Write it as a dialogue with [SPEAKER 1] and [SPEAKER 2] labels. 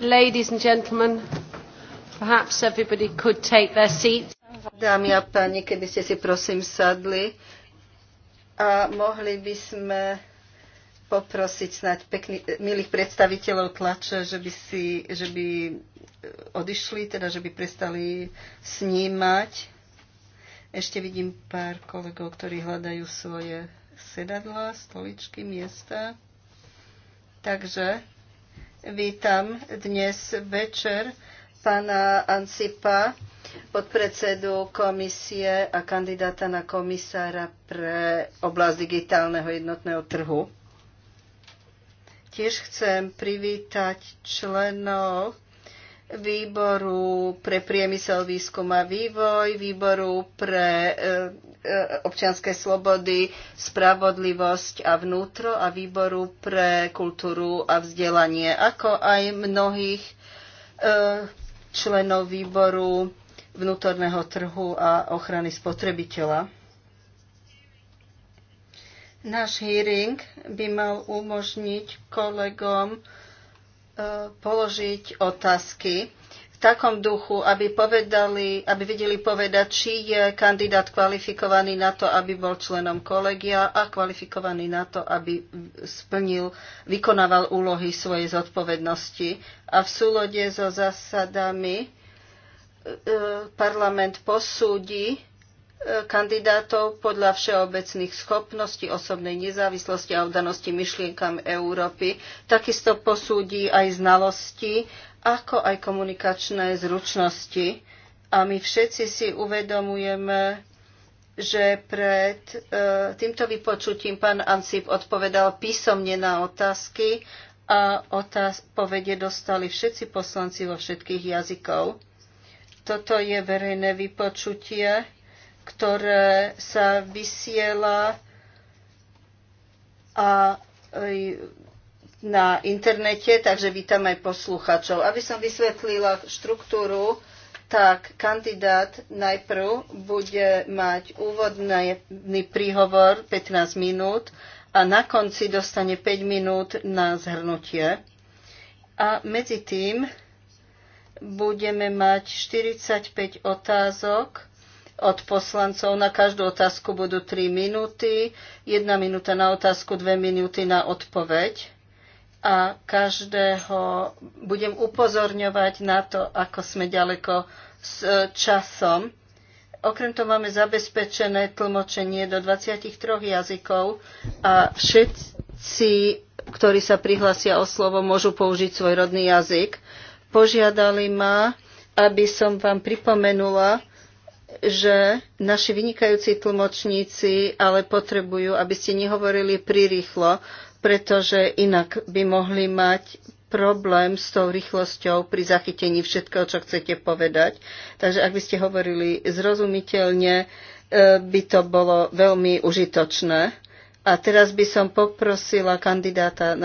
[SPEAKER 1] Ladies and gentlemen, perhaps everybody could take their seats. Dámy a páni, keby ste si prosím sadli a mohli by sme poprosiť snáď pekný, milých predstaviteľov tlače, že by, si, že by odišli, teda že by prestali snímať. Ešte vidím pár kolegov, ktorí hľadajú svoje sedadla, stoličky, miesta. Takže vítam dnes večer pána Ancipa, podpredsedu komisie a kandidáta na komisára pre oblasť digitálneho jednotného trhu. Tiež chcem privítať členov výboru pre priemysel, výskum a vývoj, výboru pre e, e, občianske slobody, spravodlivosť a vnútro a výboru pre kultúru a vzdelanie, ako aj mnohých e, členov výboru vnútorného trhu a ochrany spotrebiteľa. Náš hearing by mal umožniť kolegom, položiť otázky v takom duchu, aby, povedali, aby videli povedať, či je kandidát kvalifikovaný na to, aby bol členom kolegia a kvalifikovaný na to, aby splnil, vykonával úlohy svojej zodpovednosti. A v súlode so zásadami e, e, parlament posúdi, kandidátov podľa všeobecných schopností, osobnej nezávislosti a oddanosti myšlienkam Európy. Takisto posúdi aj znalosti, ako aj komunikačné zručnosti. A my všetci si uvedomujeme, že pred e, týmto vypočutím pán Ansip odpovedal písomne na otázky a otáz- povede dostali všetci poslanci vo všetkých jazykov. Toto je verejné vypočutie ktoré sa vysiela a na internete, takže vítam aj posluchačov. Aby som vysvetlila štruktúru, tak kandidát najprv bude mať úvodný príhovor 15 minút a na konci dostane 5 minút na zhrnutie. A medzi tým budeme mať 45 otázok od poslancov. Na každú otázku budú 3 minúty, 1 minúta na otázku, 2 minúty na odpoveď. A každého budem upozorňovať na to, ako sme ďaleko s e, časom. Okrem toho máme zabezpečené tlmočenie do 23 jazykov a všetci, ktorí sa prihlásia o slovo, môžu použiť svoj rodný jazyk. Požiadali ma, aby som vám pripomenula, že naši vynikajúci tlmočníci ale potrebujú, aby ste nehovorili prirýchlo, pretože inak by mohli mať problém s tou rýchlosťou pri zachytení všetkého, čo chcete povedať. Takže ak by ste hovorili zrozumiteľne, e, by to bolo veľmi užitočné. A teraz by som poprosila kandidáta na